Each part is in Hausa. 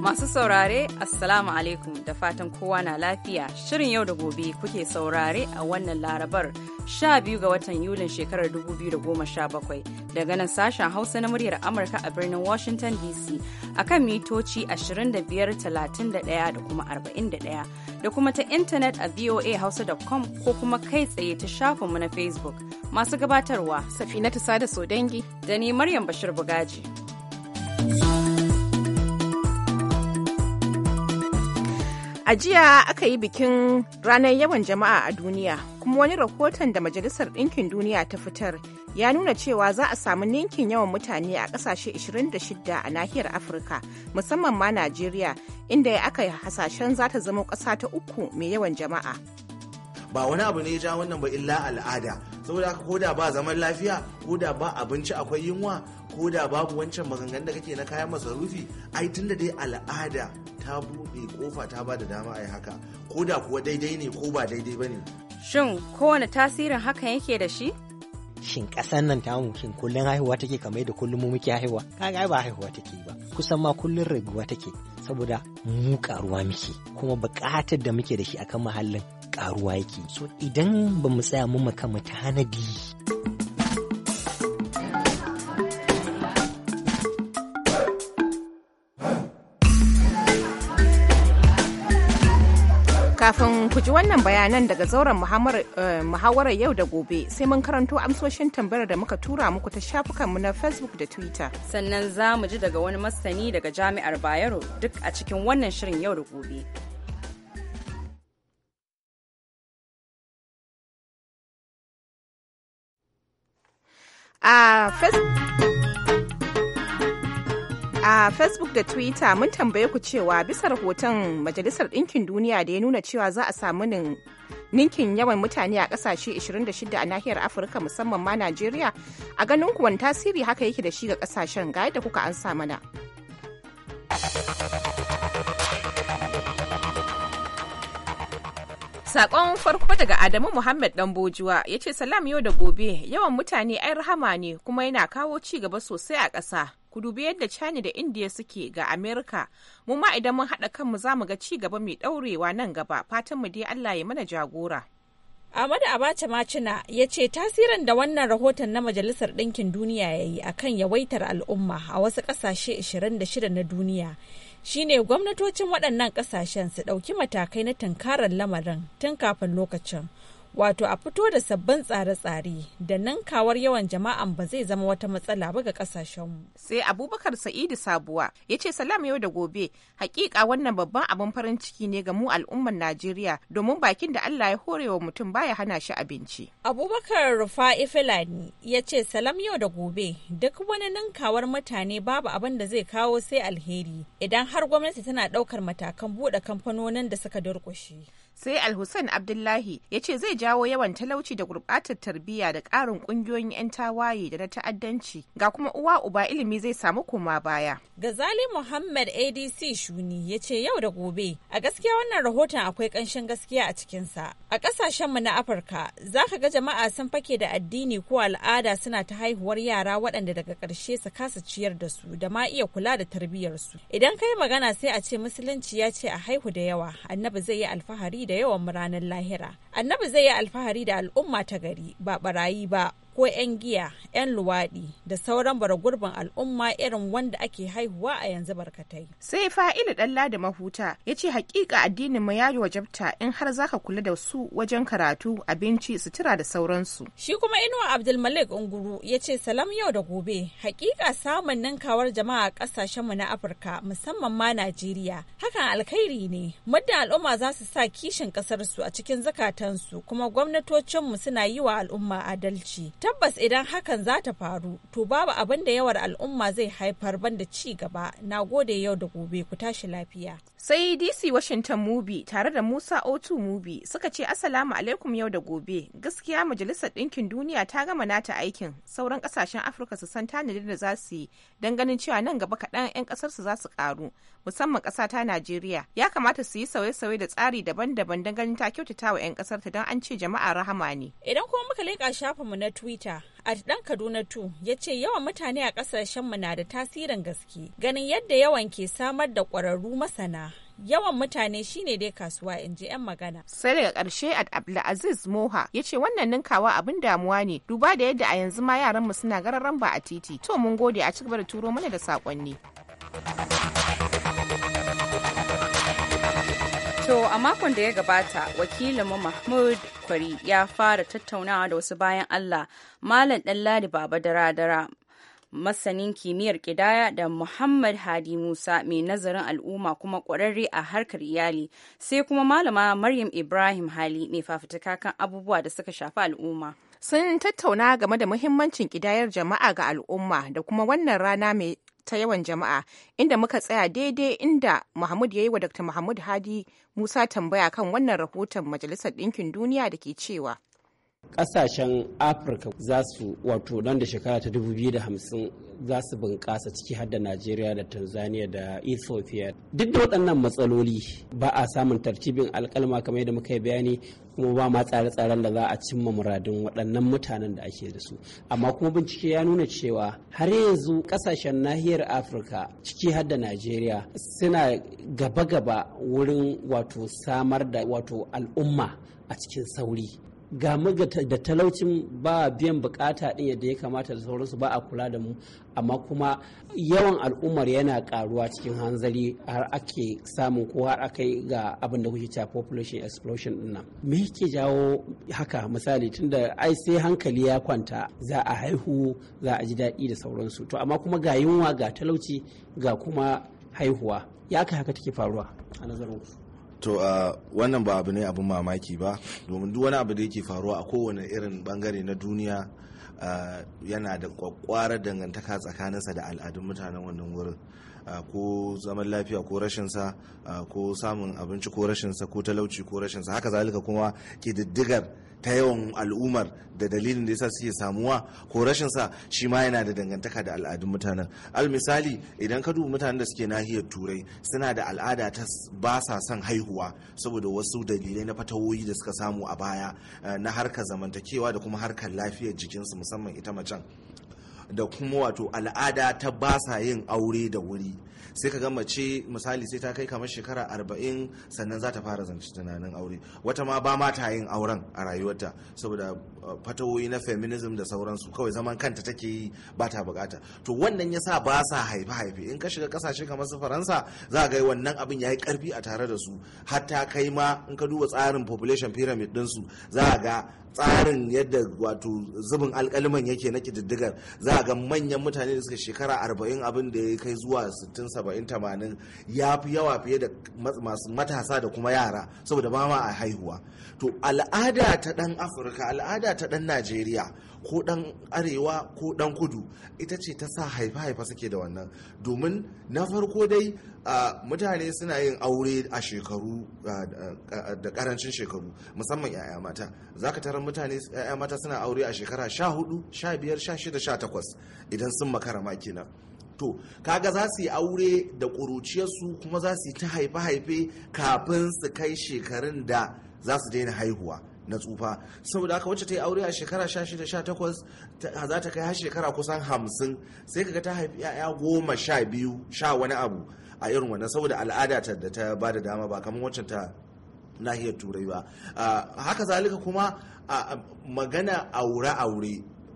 Masu saurare, Assalamu alaikum da fatan kowa na lafiya. Shirin yau da gobe kuke saurare a wannan larabar 12 ga watan Yulin shekarar 2017 daga nan sashen Hausa na muryar Amurka a birnin Washington DC a kan mitoci 25,31 da kuma 41 da kuma ta intanet a voahausa.com ko kuma kai tsaye ta shafinmu na Facebook. Masu gabatarwa, Safinatu Sada Sodengi da ni Maryam Bashir Bugaji. A jiya aka yi bikin ranar yawan jama'a a duniya, kuma wani rahoton da Majalisar Ɗinkin Duniya ta fitar ya nuna cewa za a samu ninkin yawan mutane a ƙasashe 26 a nahiyar Afirka, musamman ma Najeriya, inda aka yi hasashen za ta zama ƙasa ta uku mai yawan jama'a. Ba wani abu ne ya ja wannan ba illa al'ada, saboda ko da ba zaman lafiya, ko da ba abinci akwai yunwa, ko da babu wancan magangan da kake na kayan masarufi ai tunda dai al'ada ta buɗe kofa ta ba da dama ai haka ko da kuwa daidai ne ko ba daidai ba ne shin kowane tasirin hakan yake da shi shin ƙasar nan tamu shin kullum haihuwa take kamar da kullum mu muke haihuwa kaga ba haihuwa take ba kusan ma kullun raguwa take saboda mu karuwa muke kuma buƙatar da muke da shi akan muhallin karuwa yake so idan bamu mu tsaya mu maka mu tanadi Kafin ku ji wannan bayanan daga zauren eh, muhawarar yau da gobe sai mun karanto amsoshin tambayar da muka tura muku ta shafukanmu na Facebook da Twitter. Sannan za mu ji daga wani masani daga Jami'ar Bayero duk a cikin wannan shirin yau da gobe. A Facebook. a facebook da twitter mun tambaye ku cewa bisa rahoton majalisar ɗinkin duniya da ya nuna cewa za a samu ninkin yawan mutane a ƙasashe 26 a nahiyar afirka musamman ma najeriya a ganin kuwan tasiri haka yake da shi ga ƙasashen ga yadda kuka ansa mana Sakon farko daga Adamu Muhammad bojuwa ya ce salam yau da gobe yawan mutane ai rahama ne kuma yana kawo ci gaba sosai a ƙasa. ku dubi yadda china da india suke ga america mu ma idan mun haɗa kanmu za mu ga ci gaba mai ɗaurewa nan gaba fatan mu dai allah ya mana jagora Ahmadu Abacha machina ya ce tasirin da wannan rahoton na Majalisar Ɗinkin Duniya ya yi a kan yawaitar al'umma a wasu ƙasashe 26 na duniya shine gwamnatocin waɗannan ƙasashen su ɗauki matakai na tunkarar lamarin tun kafin lokacin wato a fito da sabbin tsare-tsare da ninkawar yawan jama'an ba zai zama wata matsala ba ga kasashenmu. sai abubakar sa'idu sabuwa ya ce salam yau da gobe hakika wannan babban abin farin ciki ne ga mu al'ummar najeriya domin bakin da allah ya hore wa mutum baya hana shi abinci abubakar rufa'i filani ya ce salam yau da gobe duk wani ninkawar mutane babu abin da zai kawo sai alheri idan har gwamnati tana ɗaukar matakan buɗe kamfanonin da suka durƙushe. sai alhussein abdullahi ya ce zai jawo yawan talauci da gurɓatar tarbiyya da ƙarin ƙungiyoyin 'yan tawaye da na ta'addanci ga kuma uwa uba ilimi zai samu koma baya gazali muhammad adc shuni ya ce yau da gobe a gaskiya wannan rahoton akwai ƙanshin gaskiya a cikinsa a ƙasashenmu na afirka za ka ga jama'a sun fake da addini ko al'ada suna ta haihuwar yara waɗanda daga ƙarshe su kasa ciyar da su da ma iya kula da tarbiyyarsu idan kai magana sai a ce musulunci ya ce a haihu da yawa annabi zai yi alfahari da yawan ranar lahira annabi zai yi alfahari da al'umma ta gari ba barayi ba ko 'yan giya 'yan luwaɗi da sauran gurbin al'umma irin wanda ake haihuwa a yanzu barkatai sai fa'ila ɗalla da mahuta ya ce hakika addinin mu ya yi wajabta in har zaka kula da su wajen karatu abinci sutura da sauransu shi kuma inuwa abdulmalik unguru ya ce salam yau da gobe haƙiƙa samun ninkawar jama'a ƙasashen mu na afirka musamman ma najeriya hakan alkhairi ne muddin al'umma za su sa kishin ƙasarsu a cikin zakatansu kuma gwamnatocinmu suna yi wa al'umma adalci tabbas idan hakan za ta faru to babu abin da yawar al'umma zai haifar ban da ci gaba na gode yau da gobe ku tashi lafiya sai dc washington mubi tare da musa o2 mubi suka ce asalamu alaikum yau da gobe gaskiya majalisar ɗinkin duniya ta gama nata aikin sauran kasashen afirka su san tanadin da za su yi don ganin cewa nan gaba kaɗan 'yan ƙasarsu za su ƙaru musamman ƙasa ta Najeriya ya kamata su yi sauye-sauye da tsari daban-daban don ganin ta kyautata wa 'yan ƙasar ta don an ce jama'a rahama ne. Idan kuma muka leƙa mu na Twitter at ɗan Kaduna 2 ya ce yawan mutane a ƙasashenmu na da tasirin gaske ganin yadda yawan ke samar da ƙwararru masana yawan mutane shine dai kasuwa in ji 'yan magana. Sai daga ƙarshe at Abdulaziz Moha ya ce wannan ninkawa abin damuwa ne duba da yadda a yanzu ma yaran mu suna gararan ba a titi. To mun gode a cigaba da turo mana da sakonni. To a makon da ya gabata wakilinmu Mahmud Kwari ya fara tattaunawa da wasu bayan Allah Malam ladi Baba Dara-Dara masanin kimiyyar ƙidaya da Muhammad Hadi Musa mai nazarin al'umma kuma ƙwararre a harkar iyali sai kuma malama Maryam Ibrahim Hali mai fafutuka kan abubuwa da suka shafi al'umma. sun tattauna game da muhimmancin kidayar jama'a ga al'umma da kuma wannan rana mai ta yawan jama'a inda muka tsaya daidai inda Mahmud ya yi wa Dr. Mahmud Hadi Musa tambaya kan wannan rahoton Majalisar Ɗinkin Duniya da ke cewa. Ƙasashen Afirka za su wato nan da shekara ta 2050 za su bunƙasa ciki har da Najeriya da Tanzania da Ethiopia. Duk da waɗannan matsaloli ba a samun tartibin alkalma kamar yadda muka yi bayani kuma ba ma tsare-tsaren da za a cimma muradun waɗannan mutanen da ake da su. Amma kuma bincike ya nuna cewa har yanzu ƙasashen nahiyar Afirka ciki har da Najeriya suna gaba-gaba wurin wato samar da wato al'umma a cikin sauri ga da talaucin ba biyan bukata din yadda ya kamata da sauransu ba a kula da mu amma kuma yawan al'ummar yana karuwa cikin hanzari har ake samun ko har aka yi ga abin da kuke cewa population explosion din nan me yake jawo haka misali tunda ai sai hankali ya kwanta za a haihu za a ji daɗi da sauransu to amma kuma ga yunwa ga talauci ga kuma haihuwa ya kai haka take faruwa a nazarin ku to uh, wannan ba abu ne abin mamaki ba domin duk wani abu da yake faruwa a kowane irin bangare na duniya uh, yana da kwakwara dangantaka tsakaninsa da al'adun mutanen wannan wurin uh, ko zaman lafiya ko rashinsa ko samun abinci ko rashinsa ko talauci ko rashinsa haka zalika kuma ƙididdigar ta yawan al'ummar da dalilin da yasa suke samuwa ko rashin sa shi ma yana da dangantaka da al'adun mutanen al misali idan ka duba mutanen da suke nahiyar turai suna da al'ada ta ba sa son haihuwa saboda wasu dalilai na fatawoyi da suka samu a baya eh, na harkar zamantakewa da kuma harkar lafiyar jikinsu musamman ita macen da kuma wato al'ada ta ba sa yin aure da wuri sai ka ga mace misali sai ta kai kamar shekara arba'in sannan za ta fara zance tunanin aure wata ma ba ma ta yin auren a rayuwarta saboda fatawoyi na feminism da sauransu kawai zaman kanta take yi ba ta bukata to wannan ya sa ba sa haife haife in ka shiga kasashe kamar su faransa za ga wannan abin ya yi karfi a tare da su hatta kai ma in ka duba tsarin population pyramid su, za ga tsarin yadda wato zubin alkaliman yake na kididdigar za ga manyan mutane da suka shekara 40 abin da ya kai zuwa 60 70 80 ya fi yawa fiye da masu matasa da kuma yara saboda ba ma a haihuwa to al'ada ta dan afirka al'ada al'ada ta ɗan najeriya ko ɗan arewa ko dan kudu ita ce ta sa haifa-haifa suke da wannan domin na farko dai mutane suna yin aure a shekaru da karancin shekaru musamman 'ya'ya mata ka tarar mutane 'ya'ya mata suna aure a shekara 14 15 16 idan sun makara kenan to kaga za su yi aure da kuruciyarsu kuma za su yi ta haife-haife kafin su kai shekarun da za su daina haihuwa na tsufa saboda haka wacce ta yi aure a shekara 16-18 za ta kai har shekara kusan 50 sai kaga ta haifi 'ya'ya goma sha biyu sha wani abu a irin wannan saboda al'ada ta da ta ba da dama ba kamar wacce ta nahiyar turai ba haka zalika kuma magana aure aure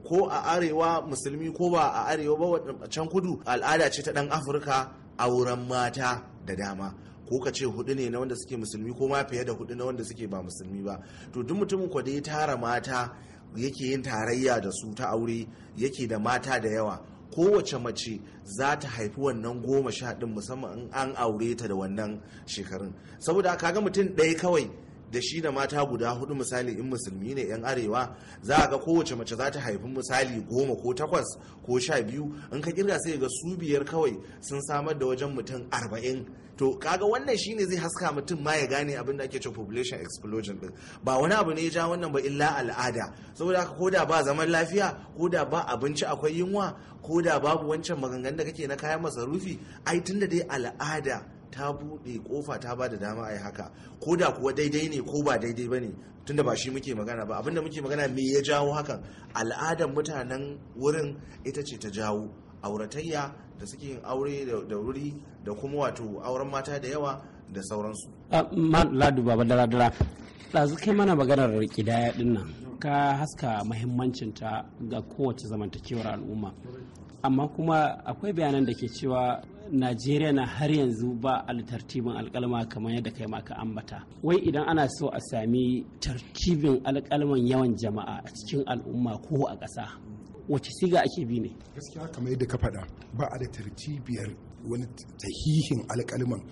ko a arewa musulmi ko ba a arewa ba can kudu al'ada ce ta dan afirka auren mata da dama ko ka ce hudu ne na wanda suke musulmi ko ma fiye da hudu na wanda suke ba musulmi ba to duk mutumin kwa da ya tara mata yake yin tarayya da su ta aure yake da mata da yawa kowace mace za ta haifi wannan goma sha ɗin musamman an aure ta da wannan shekarun saboda kaga mutum ɗaya kawai da shi da mata guda hudu misali in musulmi ne yan arewa za a ga kowace mace za ta haifi misali goma ko takwas ko sha biyu in ka kirga sai ga su biyar kawai sun samar da wajen mutum arba'in to kaga wannan shi ne zai haska mutum ma ya gane abin da ake cewa population explosion din ba wani abu ne ya ja wannan ba illa al'ada saboda haka koda ba zaman lafiya koda ba abinci akwai yunwa koda babu wancan maganganun da kake na kayan masarufi ai tunda dai al'ada ta buɗe kofa ta ba da dama a yi haka ko da kuwa daidai ne ko ba daidai ba ne tun da ba shi muke magana ba abinda muke magana me ya jawo hakan al'adar mutanen wurin ita ce ta jawo auratayya da suke yin aure da wuri da kuma wato auren mata da yawa da sauransu. Ah, ladu baba dara dara ɗazu kai mana maganar ƙidaya ɗin nan ka haska mahimmancinta ga kowace zamantakewar al'umma amma kuma akwai bayanan da ke cewa najeriya na har yanzu ba a tartibin alkalma kamar yadda kai maka ambata wai idan ana so a sami tartibin alkalman yawan jama'a a cikin al'umma ko a ƙasa wace siga ake bi ne gaskiya kamar yadda ka faɗa ba a da tartibiyar wani tahihin alkalman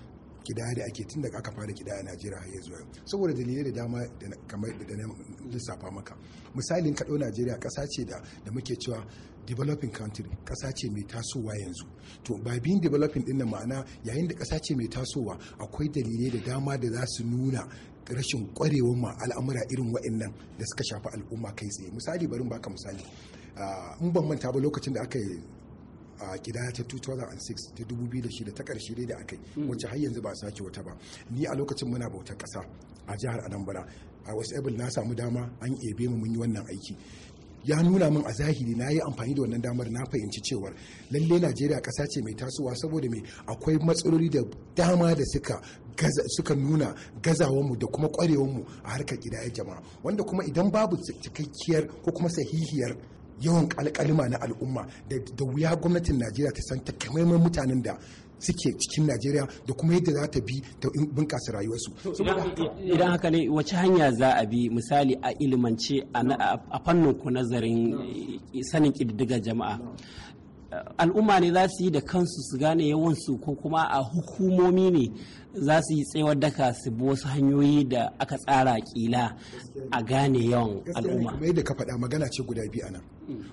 kidaya da ake tun daga aka fara kidaya a Najeriya har yanzu saboda dalilai da dama kamar da na lissafa maka misalin kaɗo Najeriya ƙasa ce da muke cewa developing country ƙasa ce mai tasowa yanzu to by being developing din ma'ana yayin da ƙasa ce mai tasowa akwai dalilai da dama da za su nuna rashin ƙwarewar ma al'amura irin waɗannan da suka shafi al'umma kai tsaye misali barin baka misali ah, in ban manta ba lokacin da aka yi a kidaya ta 2006 ta 2006 ta karshe dai da aka yi mm. wacce har yanzu ba a sake wata ba ni a lokacin muna bautar ƙasa a jihar anambra a wasu na samu dama an ebe mu mun yi wannan aiki ya nuna min a zahiri na yi amfani da wannan damar na fahimci cewar lalle najeriya ƙasa ce mai tasowa saboda mai akwai matsaloli da dama da suka suka nuna gazawanmu da kuma kwarewanmu a harkar ya jama'a wanda kuma idan babu cikakkiyar ko kuma sahihiyar yawan alkalima na al'umma da wuya gwamnatin najeriya ta san takamaiman mutanen da suke cikin najeriya da kuma yadda za ta bi ta bunƙasa rayuwarsu idan haka ne wace hanya za a bi misali a ilimance a fannin ku nazarin sanin ƙididdigar jama'a al'umma ne za su yi da kansu su gane yawansu ko kuma a hukumomi ne za su yi tsewar daka su bi wasu hanyoyi da aka tsara kila a gane yawan al'umma Mai da ka faɗa magana ce guda biyu anan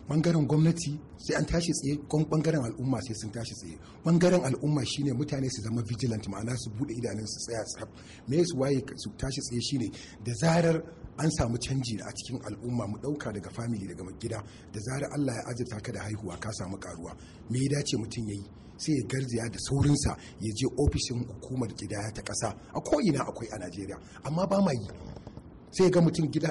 bangaren gwamnati sai an tashi tsaye kon bangaren al'umma sai sun tashi tsaye bangaren al'umma shine mutane su zama vigilant ma'ana su buɗe idanun su tsaya tsaf me su waye su tashi tsaye shine da zarar an samu canji a cikin al'umma mu ɗauka daga family daga gida da zarar Allah ya azurta ka da haihuwa ka samu karuwa me ya dace mutum yayi sai ya garzaya da saurinsa ya je ofishin hukumar gida ta ƙasa a ko'ina akwai a najeriya amma ba ma yi sai ga mutum gida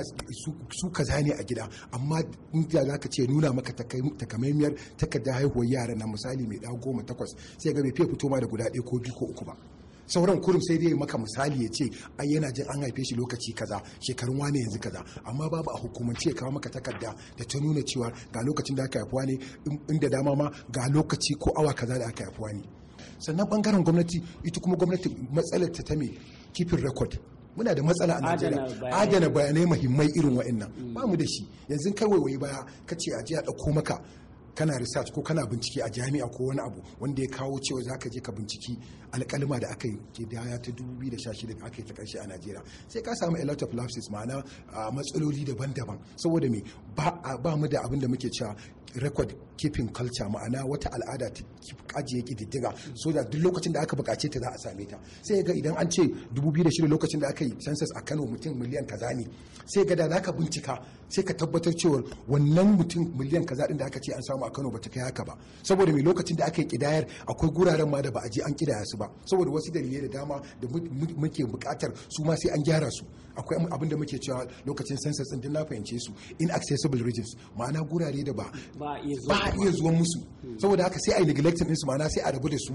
su kaza ne a gida amma inda za ka ce nuna maka takamaimiyar takardar haihuwar yara na misali mai ɗago goma takwas sai ga mai fiye fito ma da guda ɗaya ko biyu ko uku ba sauran kurum sai dai maka misali ya ce ai yana jin an haife shi lokaci kaza shekarun wane yanzu kaza amma babu a hukumance ya kawo maka takarda da ta nuna cewa ga lokacin da aka haifuwa ne inda dama ma ga lokaci ko awa kaza da aka haifuwa ne sannan bangaren gwamnati ita kuma gwamnati matsalar ta me kifin rekod muna da matsala a Najeriya adana bayanai muhimmai irin wa'annan mm. ba mu da shi yanzu kai waiwayi baya kace a jiya a dauko maka kana research ko kana bincike a jami'a ko wani abu wanda ya kawo cewa za ka je ka binciki alƙalma da aka yi ke ya ta 2016 da aka yi ta ƙarshe a najeriya sai ka samu a lot of lapses ma'ana matsaloli daban-daban saboda me ba mu da abin da muke cewa record keeping culture ma'ana wata al'ada ta ajiye kididdiga so da duk lokacin da aka buƙace ta za a same ta sai ga idan an ce 2006 lokacin da aka yi census a Kano mutum miliyan kaza ne sai ga da ka bincika sai ka tabbatar cewa wannan mutum miliyan kaza din da aka ce an samu a Kano ba ta kai haka ba saboda me lokacin da aka yi kidayar akwai guraren ma da ba a je an kidaya su ba saboda wasu dalilai da dama da muke bukatar su ma sai an gyara su akwai abin da muke cewa lokacin census din na fahimce su inaccessible regions ma'ana gurare da ba ba a iya zuwan musu hmm. saboda haka sai a neglecting din su ma'ana sai a rabu da su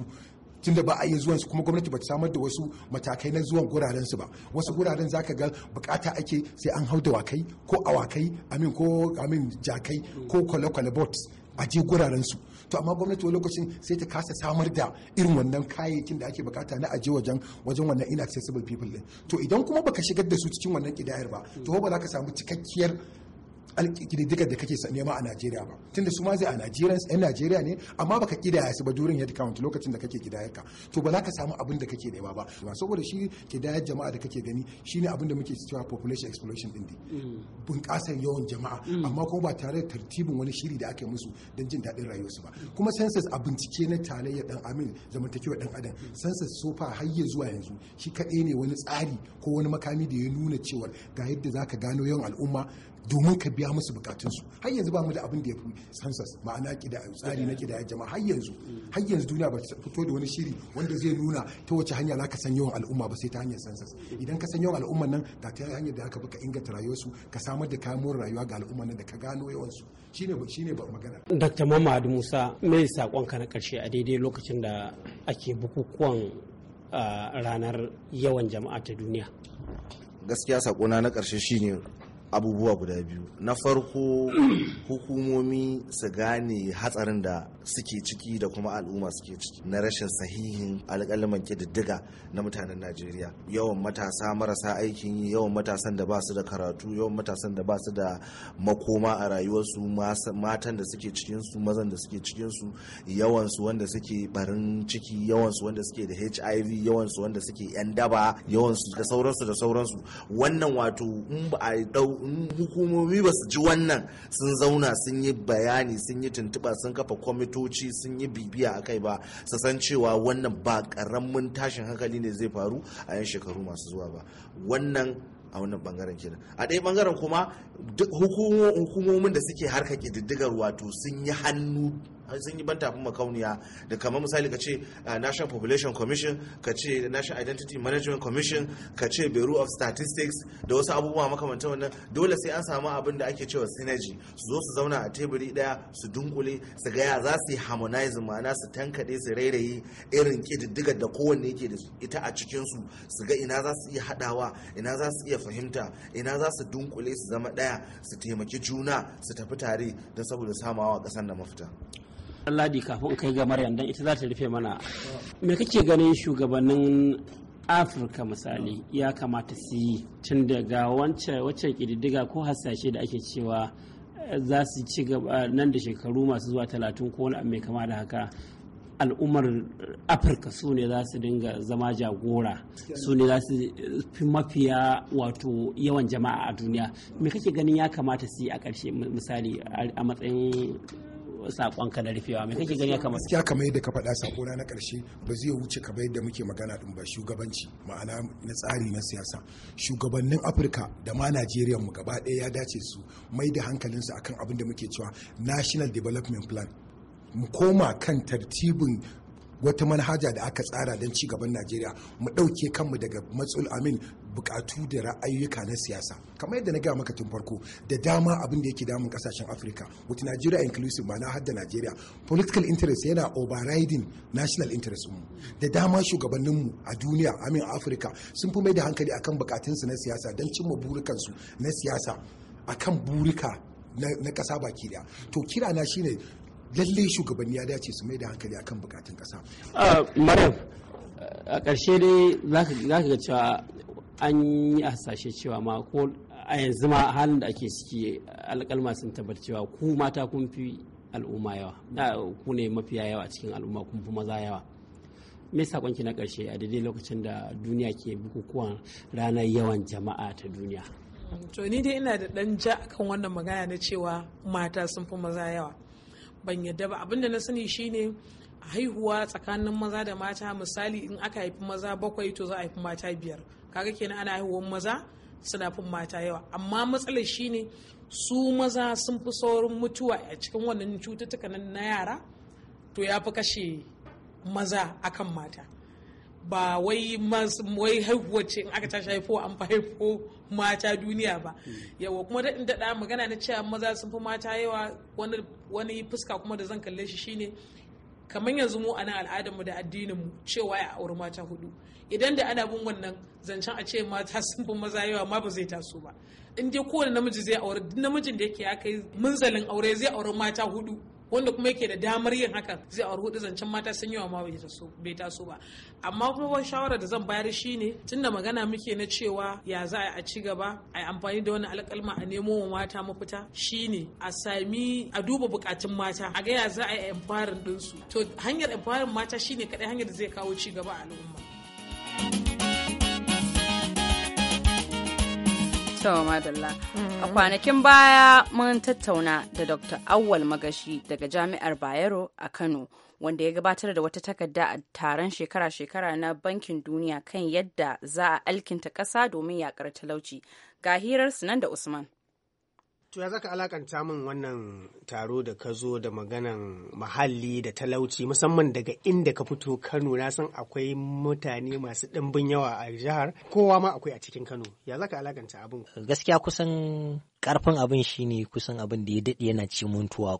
tun da ba a iya zuwan su kuma gwamnati ba ta samar da wasu matakai na zuwan guraren su ba wasu guraren ka ga bukata ake sai an hau dawakai ko awakai amin ko amin jakai ko hmm. kwale-kwale boats a je guraren su to amma gwamnati wani lokacin sai ta kasa samar da irin wannan kayayyakin da ake bukata na aje wajen wajen wannan inaccessible people din to idan kuma baka shigar da su cikin wannan kidayar ba to ba za ka samu cikakkiyar duka da kake nema a Najeriya ba tunda su ma zai a Najeriya yan Najeriya ne amma baka kidaya su ba durin head count lokacin da kake kidayar ka to ba za ka samu abin da kake nema ba saboda shi kidayar jama'a da kake gani ne abin da muke cewa population explosion din ne mm. bunƙasar yawan jama'a mm. amma kuma ba tare da tartibin wani shiri da aka musu don jin daɗin rayuwarsu ba kuma census a bincike na tarayyar dan amin zamantakewa dan adam census so far har ya zuwa yanzu shi kaɗai ne wani tsari ko wani makami da ya nuna cewar ga yadda za ka gano yawan al'umma domin ka biya musu bukatunsu har yanzu ba mu da abin da ya fi sansas ma'ana tsari na kida jama'a har yanzu har yanzu duniya ba ta fito da wani shiri wanda zai nuna ta wace hanya za ka san yawan al'umma ba sai ta hanyar sansas idan ka san yawan al'umman nan da ta hanyar da aka baka inganta rayuwarsu ka samar da kayan more rayuwa ga al'umman nan da ka gano yawansu shine shine ba magana Dr. Mamadu Musa me sakon ka na karshe a daidai lokacin da ake bukukuwan ah, ranar yawan jama'a ta duniya gaskiya sakona na karshe shine abubuwa guda biyu na farko hukumomi su gane hatsarin da suke ciki da kuma al'umma suke ciki na rashin sahihin alƙalaman ƙididdiga na mutanen najeriya yawan matasa marasa aikin yi yawan matasan da ba su da karatu yawan matasan da ba su da makoma a rayuwarsu matan da suke cikinsu mazan da suke cikinsu yawansu wanda suke barin ciki yawansu wanda suke da hiv yawansu wanda suke yan daba yawansu da sauransu da sauransu wannan wato in ba a dau hukumomi ba su ji wannan sun zauna sun yi bayani sun yi tuntuɓa sun kafa kwamitoci sun yi bibiya a kai ba su san cewa wannan ba ƙaramin tashin hankali ne zai faru a yan shekaru masu zuwa ba wannan a wannan bangaren kenan a ɗaya bangaren kuma hukumomin da suke harka ƙididdigar wato sun yi hannu sun yi banta abin makauniya da kamar misali ka ce national population commission ka ce national identity management commission ka ce bureau of statistics da wasu abubuwa makamantan wannan dole sai an samu abin da ake cewa synergy su zo su zauna a teburi daya su dunkule su gaya za su yi harmonize ma'ana su tankade su rairayi irin kididdigar da kowanne yake da ita a cikin su ga ina za su iya hadawa ina za su iya fahimta ina za su dunkule su zama daya su taimaki juna su tafi tare don saboda samawa kasar da mafita ladi kafin kai ga maryam dan ita za ta rufe mana me kake ganin shugabannin afirka misali ya kamata su yi tun daga wacce kididdiga ko hasashe da ake cewa eh, za su ci gaba eh, nan da shekaru masu zuwa talatin ko wani mai kama da haka al'ummar afirka su ne za su dinga zama jagora su ne za su eh, fi mafiya wato yawan jama'a a duniya me kake ganin ya kamata su yi a ƙarshe misali a matsayin ka na rufewa mai kake gani ya kamata kamar yadda ka faɗa sakona na ƙarshe ba zai wuce kamar yadda muke magana din ba shugabanci ma'ana na tsari na siyasa shugabannin afirka da ma najeriya mu gaba ɗaya ya dace su mai da hankalinsu akan abin da muke cewa national development plan mu koma kan tartibin wata manhaja da aka tsara don ci gaban najeriya mu ɗauke kanmu daga matsul amin bukatu da ra'ayuka na siyasa kamar yadda na gaya maka tun farko da dama abin da yake damun kasashen afirka with Najeriya inclusive ma na hadda Najeriya political interest yana overriding national interest mu da dama shugabanninmu a duniya amin a afirka sun fi mai da hankali akan bukatunsu na siyasa don cimma burikansu na siyasa akan burika na kasa baki daya to kira na shine lallai shugabanni ya dace su mai da hankali akan bukatun kasa ah, maryam a ƙarshe dai za ka ga cewa an yi hasashe cewa ma ko a yanzu ma halin da ake ciki alƙalma sun tabbatar cewa ku mata kun fi al'umma yawa na ku ne mafiya yawa a cikin al'umma kun fi maza yawa me sakonki na ƙarshe a daidai lokacin da duniya ke bukukuwan ranar yawan jama'a ta duniya to ni dai ina da ɗan ja kan wannan magana na cewa mata sun fi maza yawa ban yadda ba abinda na sani shine haihuwa tsakanin maza da mata misali in aka haifi maza bakwai to za a haifi mata biyar kaga kenan ana haihuwar maza suna fin mata yawa amma matsalar shine su maza sun fi saurin mutuwa a cikin wannan cututtuka na yara to ya fi kashe maza akan mata ba wai wai haihuwa ce in aka tashi haifuwa an fi haifo mata duniya ba yawa kuma daɗin daɗa magana na cewa maza sun fi mata yawa wani fuska kuma da zan kalle shi shine kamar yanzu mu anan al'adar al'adarmu da addinin mu cewa ya auri mata hudu idan da ana bin wannan zancen a ce mata sun fi maza yawa ma ba zai taso ba in dai kowane namiji zai auri namijin da yake ya kai munzalin aure zai auri mata hudu wanda kuma yake da damar yin hakan zai auri hudu zancen mata sun yi wa ma bai taso ba amma kuma shawara da zan bayar shi ne tunda magana muke na cewa ya za a ci gaba a yi amfani da wani alƙalma a nemo wa mata mafita shi ne a sami a duba bukatun mata a ga ya za a yi empowerin ɗinsu to hanyar empowerin mata shi ne kaɗai hanyar da zai kawo ci gaba a al'umma. sama madalla. A mm. kwanakin baya mun tattauna da Dr. Awwal Magashi daga Jami'ar Bayero a Kano wanda ya gabatar da wata takarda a taron shekara-shekara na Bankin Duniya kan yadda za a alkinta ƙasa domin yakar talauci. Ga hirarsu nan da Usman. To ya zaka alakanta min wannan taro da ka zo da maganan muhalli da talauci musamman daga inda ka fito Kano na san akwai mutane masu ɗimbin yawa a jihar kowa ma akwai a cikin Kano ya zaka alakanta abin gaskiya kusan karfin abin shine kusan abin da ya daɗe yana ci mun tuwa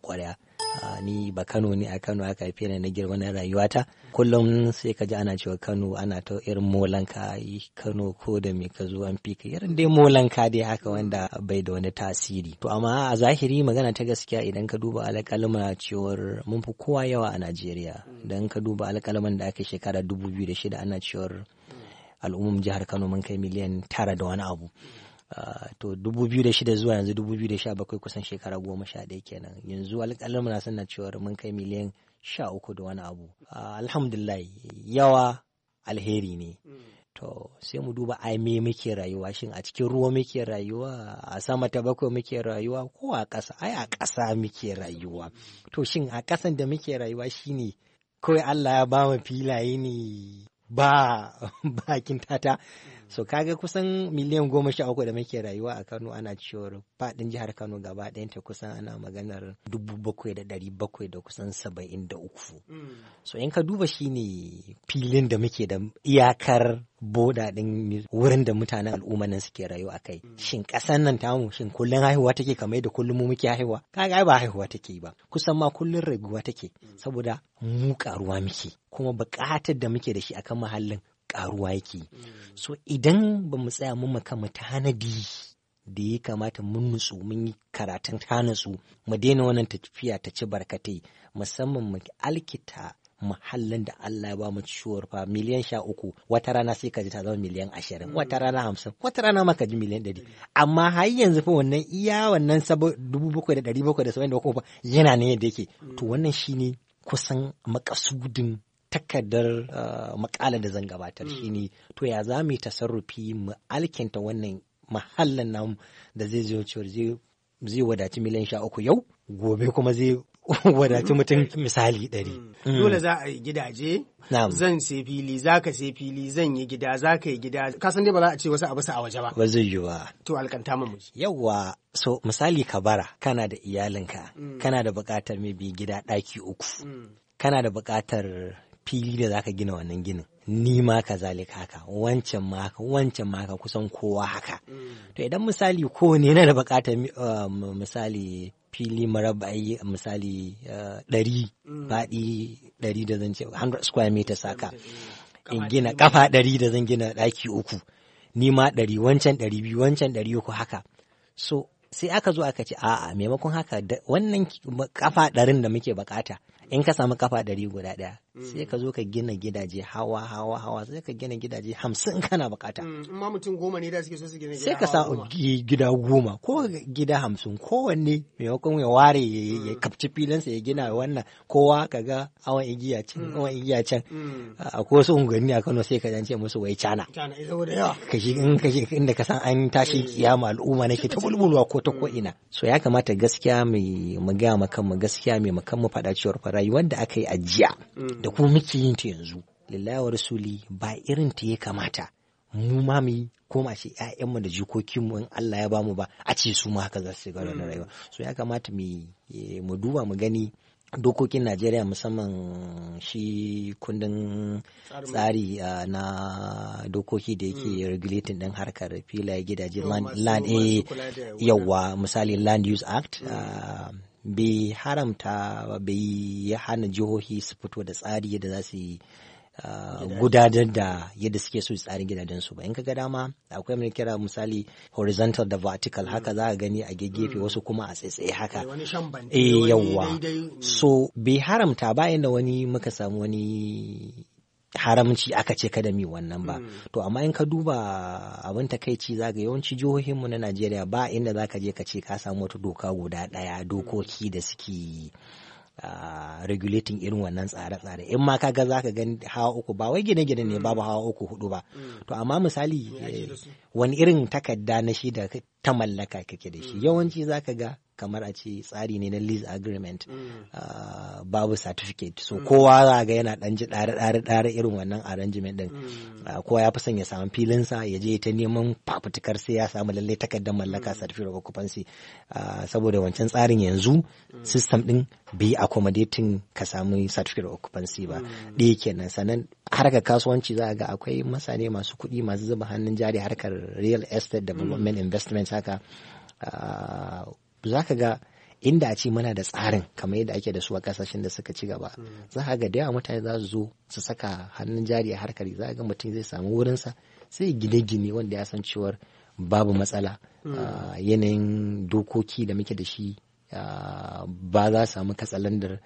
ni ba Kano ne a Kano aka haife ni na girma na rayuwata kullum sai ka ji ana cewa Kano ana ta irin molanka yi Kano ko da me ka zo an fika irin dai molanka dai haka wanda bai da wani tasiri to amma a zahiri magana ta gaskiya idan ka duba alƙalma cewar mun fi kowa yawa a Najeriya idan ka duba alkalamin da aka shekara shida ana cewar al'ummar jihar Kano mun kai miliyan tara da wani abu Ah, to dubu biyu da shida zuwa yanzu dubu biyu da sha bakwai kusan shekara goma sha ɗaya kenan yanzu alƙalin na sanna cewa mun kai miliyan sha uku da wani abu ah, alhamdulillah yawa alheri ne to sai mu duba ai me muke rayuwa shin a cikin ruwa muke rayuwa a sama ta bakwai muke rayuwa ko a ƙasa ai a ƙasa muke rayuwa to shin a ƙasan da muke rayuwa shine kawai Allah ya ba filaye ne ba bakin tata so kaga kusan miliyan goma sha uku da muke rayuwa a kano ana cewar fadin jihar kano gaba ta kusan ana maganar dubu bakwai da ɗari bakwai da kusan saba'in da uku mm. so in ka duba shi ne filin da muke da iyakar boda ɗin wurin da mutanen al'umma nan suke rayu a kai mm. shin ƙasar nan tamu shin kullum haihuwa take kamar da kullum mu muke haihuwa kaga ba haihuwa take ba kusan ma kullum raguwa take mm. saboda mu karuwa muke kuma buƙatar da muke da shi akan mahallin karuwa yake mm. so idan ba mu tsaya mu mu tanadi da ya kamata mun nutsu mun yi karatun ta nutsu mu daina wannan tafiya ta ci barkatai musamman mu alkita muhallin da Allah ya ba mu ciwar fa miliyan sha uku wata rana sai ka ji ta zama miliyan ashirin mm. wata rana hamsin wata rana ma ka ji miliyan ɗari amma har yanzu fa wannan iya wannan sabo dubu bakwai da ɗari bakwai da saba'in da bakwai yana ne yadda yake mm. to wannan shine kusan makasudin takardar uh, makalar da zan gabatar hmm. shi ne. to ya za mu tasarrufi mu alkinta wannan mahallin namu da zai zo cewar zai wadaci miliyan sha uku yau gobe kuma zai wadaci hmm. mutum misali ɗari. Hmm. Dole za a yi gidaje, zan sai fili, za ka sai fili, zan yi gida, za ka yi gida. Ka san dai ba za a ce wasu abu a waje ba. Ba zai yi ba. To alkanta mu miji. Yawwa, so misali ka bara, kana da iyalinka, kana da buƙatar mai bi gida ɗaki uku. Kana da buƙatar fili da zaka gina wannan ginin ni ma ka zalika haka wancan ma haka wancan ma haka kusan kowa haka to idan misali ne yana da buƙatar um, misali fili marabai misali uh, ɗari mm. faɗi ɗari da zan ce 100 square meters haka in gina kafa ɗari da zan gina ɗaki uku ni ma ɗari wancan ɗari biyu wancan ɗari uku haka so sai aka zo aka ce a'a maimakon haka wannan kafa ɗarin da muke bukata in ka samu kafa ɗari guda ɗaya sai ka zo ka gina gidaje hawa hawa hawa sai ka gina gidaje hamsin kana bukata mm, in ma mutum goma ne da suke so su gina sai ka sa gida goma ko gida hamsin kowanne maimakon ya ware ya mm. kapci filinsa ya gina mm. wannan kowa ka ga awon igiya can awon igiya can a ko su unguwanni a Kano sai ka ce musu wai cana eh, ka shi in ka shi inda ka san an tashi kiyama al'umma nake ta bulbulwa ko ta ko ina so ya kamata gaskiya mai mu ga makan mu gaskiya mai makan mu faɗa cewar rayuwar da aka yi a jiya da kuma muke yin ta yanzu lillahi wa rasuli ba irin ta ya kamata mu ma mu yi ko ma ƴaƴanmu da jikokinmu in Allah ya bamu ba a ce su ma haka za su shiga da rayuwa so ya kamata eh, mu duba mu gani dokokin Najeriya musamman shi kundin tsari ah, na dokoki da yake mm. regulating ɗin harkar filaye gidaje land eh, yawa misali land use act mm. ah, bai haramta bai hana jihohi su fito da tsari yadda za su ah, gudanar da yadda suke so tsarin gidajen su ba in ka ga dama akwai mai kira misali horizontal da vertical haka mm. za a gani a gefe mm. wasu kuma a tsaitsaye haka eh yawa mm. so bai haramta bayan da wani muka samu wani haramci aka ce kada mi wannan ba hmm. to amma in ka duba abin takaici za ga yawanci jihohin mu na Najeriya ba inda za ka je ka ce ka samu wata doka guda ɗaya hmm. dokoki da suke Uh, regulating irin wannan tsare-tsare in ma ka za ka gan hawa uku ba wai gine-gine ne hmm. babu hawa uku hudu ba to amma misali eh, wani irin takarda na shi da ta mallaka kake da shi yawanci za ka ga kamar a ce tsari ne na lease agreement mm. ah, babu certificate so mm. kowa za ga yana dan ji dare dare dare irin wannan arrangement din mm. ah, kowa ya fi son ya samu filin sa ya je ta neman fafutukar sai ya samu lalle takardar mallaka certificate of occupancy ah, saboda wancan tsarin yanzu system din bi accommodating ka samu certificate of occupancy ba ɗaya kenan sannan harkar kasuwanci za ga akwai masane masu kuɗi masu zuba hannun jari harkar real estate development investment haka za ka ga inda a ce muna da tsarin kamar yadda ake da su a kasashen da suka ci gaba za ka ga da mutane za su zo su saka hannun jari a harkar za ga mutum zai samu wurinsa sai gine-gine wanda ya san cewar babu matsala hmm. ah, yanayin dokoki da muke da shi ah, ba za samu katsalandar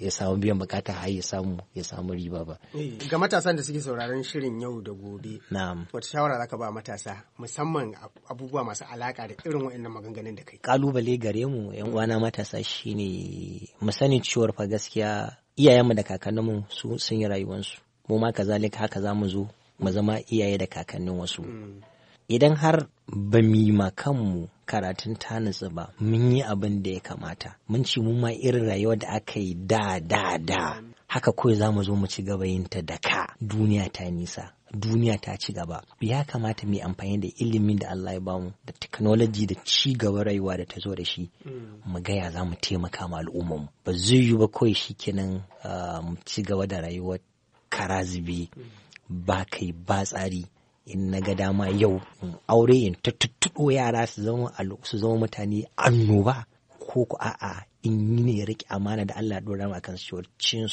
ya samu biyan bukata har ya samu ya samu riba ba. Eh, ga matasan da suke sauraron shirin yau da gobe. Na'am. Wata shawara zaka ba matasa musamman abubuwa masu alaka da irin wa'annan maganganun da kai. Kalubale gare mu yan uwana matasa shine mu sanin ciwar fa gaskiya iyayenmu da kakanninmu su sun yi rayuwarsu. Mu ma kazalika haka zamu zo mu zama iyaye da kakannin wasu. Mm. idan har ba mu ma kanmu karatun ta ba mun yi abin da ya kamata mun ci mu ma irin rayuwa da aka yi da da da haka kawai za mu zo mu ci gaba yin ta da ka duniya ta nisa duniya ta ci gaba ya kamata mu amfani da ilimin da Allah ya bamu da technology da ci gaba rayuwa da ta zo da shi mm. mu gaya za mu taimaka ma mu. ba zai yi ba kawai shikenan ah, mu ci gaba da rayuwar karazibi mm. ba kai ba tsari in na ga dama yau in aure in ta tuttuɗo yara su zama su zama mutane annoba ko ku a'a in yi ne riƙe amana da Allah ɗora ma kan su cin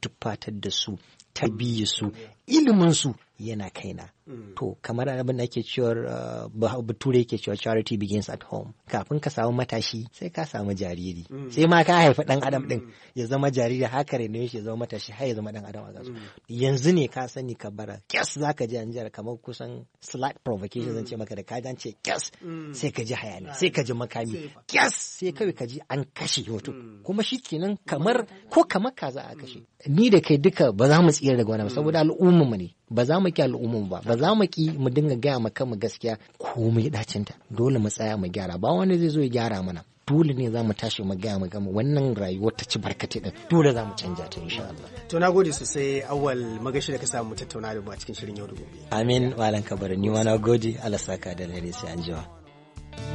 tufatar da su tarbiyya su ilimin su yana kaina mm. to kamar abin da ake cewar uh, bature ke cewa charity begins at home kafin ka samu matashi sai ka samu jariri mm. sai ma ka haifi ɗan adam din mm. ya zama jariri haka ne shi ya zama matashi har ya zama dan adam a gasu yanzu ne ka sani ka bara kyas zaka ji anjiyar kamar kusan slight provocation zan ce maka da ka ce kyas sai ka ji hayani sai ka ji makami kyas sai kawai ka ji an kashe mutum kuma kenan kamar ko kamar kaza a kashe ni da kai duka ba za mu tsira daga wani ba saboda al'umma ne ba za mu ki al'umman ba ba za mu ki mu dinga gaya ma kanmu gaskiya ko mu dacin ta dole mu tsaya mu gyara ba wani zai zo ya gyara mana dole ne za mu tashi mu gaya mu gama wannan rayuwar ta ci barkate din dole za mu canja ta insha Allah to na gode sosai awwal magashi da ka samu tattauna da mu a cikin shirin yau da gobe amin walan kabar ni ma na gode Allah saka da lare sai an jiwa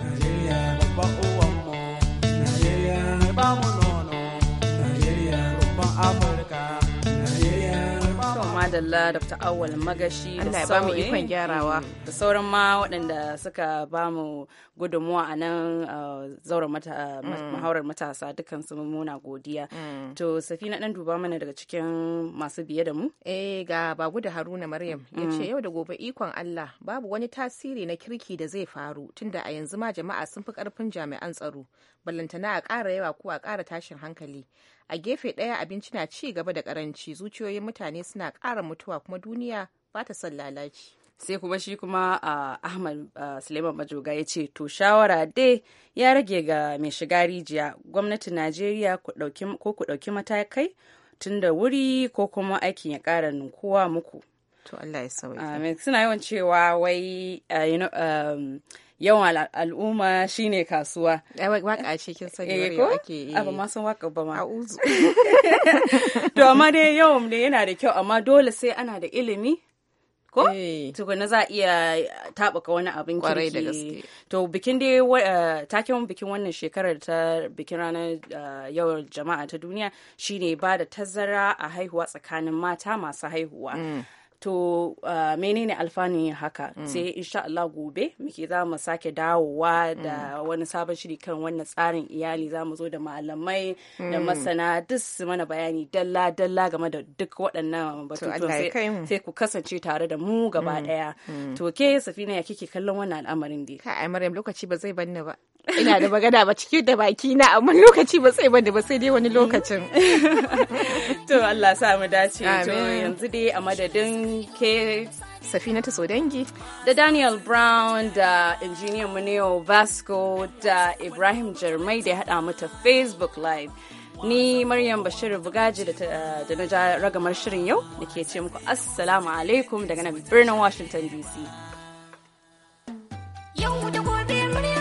Najeriya uwan mu nono abu Adalla dr awal magashi da ikon gyarawa da sauran ma waɗanda suka ba mu gudunmuwa a nan uh, zauren mahaurar uh, mm. matasa dukkan su muna godiya mm. to safina dan duba mana daga cikin masu biye da mu eh ga ba da haruna maryam yace mm. yau da gobe ikon allah babu wani tasiri na kirki da zai faru tunda a yanzu ma jama'a sun fi karfin jami'an tsaro ballantana a ƙara yawa ko a ƙara tashin hankali a gefe ɗaya abinci na ci gaba da karanci zuciyoyin mutane suna ƙara mutuwa kuma duniya ba ta son lalaci sai kuma shi kuma uh, ahmad suleiman majoga ya ce to shawara dai ya rage ga mai shiga rijiya gwamnatin najeriya ko ku ɗauki matakai tun da wuri ko kuma aikin ya ƙara ninkuwa muku to allah ya suna yawan cewa wai um, yawan al'umma shine kasuwa waka ce kin sani wani eh, ake yi abu ma sun waka ba ma a'uzu to amma dai yawan ne yana da kyau amma dole sai ana da ilimi ko eh. tukuna za a iya taɓuka wani abin kirki da gaske to bikin dai uh, taken bikin wannan shekarar ta bikin ranar yawan jama'a ta duniya shine ba da tazara a haihuwa tsakanin mata masu haihuwa mm. to uh, menene alfanun haka mm. sai insha Allah gobe muke za mu sake dawowa mm. da mm. wani sabon shiri kan wannan tsarin iyali za mu zo da malamai mm. da masana duk su mana bayani dalla dalla game da duk waɗannan batutuwan sai ku kasance tare da mu gaba mm. ɗaya to ke safina ya kike kallon wannan al'amarin dai ka ai maryam lokaci ba zai banni ba ina da magana ba ciki da baki na amma lokaci ba sai wanda ba sai dai wani lokacin to Allah sa mu dace to yanzu dai a madadin ke Safina ta Sodangi da Daniel Brown da injiniyan Muneo Vasco da Ibrahim Jarmai da ya haɗa mata ta Facebook live ni Maryam Bashir Bugaji da na ragamar shirin yau da ke ce muku assalamu alaikum daga nan birnin Washington DC yau da gobe Maryam